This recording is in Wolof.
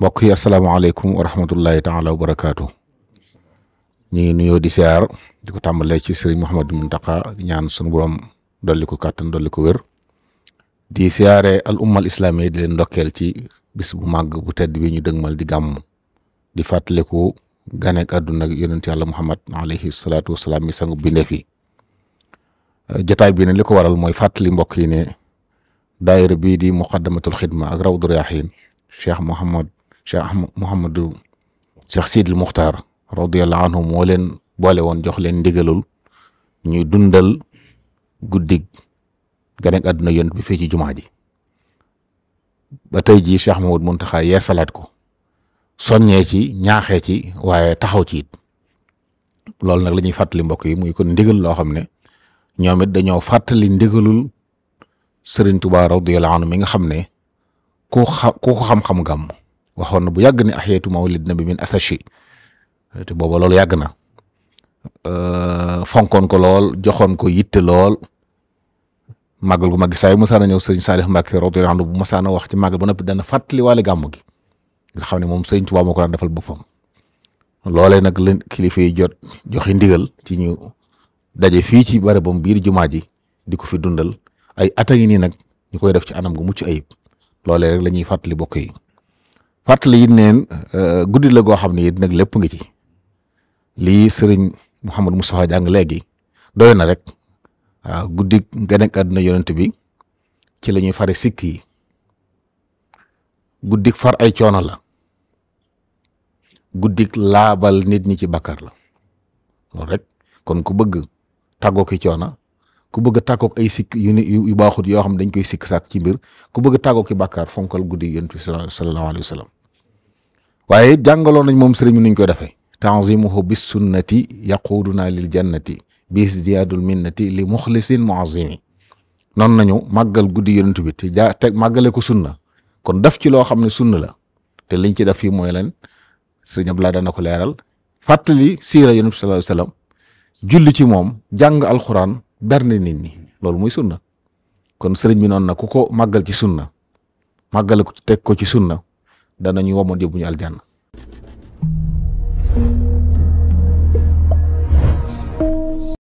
mbokk yi asalaamaaleykum wa rahmatullahi taala wa barakaatu ñu ngi nuyoo di siyaar di ko tàmbalee ci sëriñ Mouhamadou Mountakha ñaan sunu borom dolli kattan kàttan dolli ko wér di siyaare al ummal islamiya di leen ndokkeel ci bis bu màgg bu tedd bi ñu dëgmal di gàmm di fàttaliku ganeek àdduna ak yonent yàlla Muhammad alayhi salaatu wasalaam mi sangu bindeef yi jataay bi li ko waral mooy fàttali mbokk yi ne daayira bii di muqaddamatul xidma ak rawdu cheikh ahmad mouhamadou cheikh sidil muxtaar radiallahu anhu moo leen boole woon jox leen ndigalul ñuy dundal guddig ganek àdduna yont bi fii ci jumaa ji ba tey jii cheikh mahmoud muntaxa yeesalaat ko soññee ci ñaaxee ci waaye taxaw ci it loolu nag la ñuy fàttali mbokk yi muy kon ndigal loo xam ne ñoom it dañoo fàttali ndigalul sëriñ Tuubaa radiyallaahu anhu mi nga xam ne ku ku ko xam-xam gàmm waxoon na bu yàgg ne axiyatu mawlid nabi min asashi te booba loolu yàgg na euh, fonkoon ko lool joxoon ko yitte lool màggal gu mag saa yu masaana ñëw sëñ Saalix Mbàkke radiyallaahu anhu bu masaana wax ci màggal ba noppi dana fàttali waale gi nga xam ne moom sëñ Tuubaa moo ko daan defal boppam loolee nag la kilifa yi jot joxe ndigal ci ñu daje fii ci barabam biir jumaa ji di ko fi dundal ay at a nii nag ñu koy def ci anam gu mucc ayib loole rek la ñuy fàttali bokk yi. fàttali it neen euh, guddi la goo xam ne it nag lépp ngi ci lii sëriñ Mouhamad Moustapha jàng léegi doy na rek waaw guddi nga nekk àdduna yonent bi ci la ñuy fare sikk guddik far ay coono la guddik laabal nit ñi ci bakkar la loolu rek kon ku bëgg tàggoo ki coono ku bëgg a tàggoog ay sikk yu ni baaxut yoo xam dañ koy sikk sàkk ci mbir ku bëgg a tàggoog ki bàkkaar fonkal guddi yonent bi sallallahu alayhi wa sallam waaye jàngaloon nañ moom sëriñ bi nuñ koy defee tanzimuhu bis sunnati yaquduna lil jannati bi diyaadul minnati li muxlisin muazimi noonu nañu màggal guddi yonent bi te ja teg màggale ko sunna kon def ci loo xam ne sunna la te liñ ci def fii mooy leen sëriñ Abdoulaye na ko leeral fàttali siira yonent bi sallallahu alayhi wasallam julli ci moom jàng alxuraan berne nit ñi loolu muy sunna kon sëriñ bi noonu na ku ko màggal ci sunna màggale ko teg ko ci sunna danañ womo di bu ñu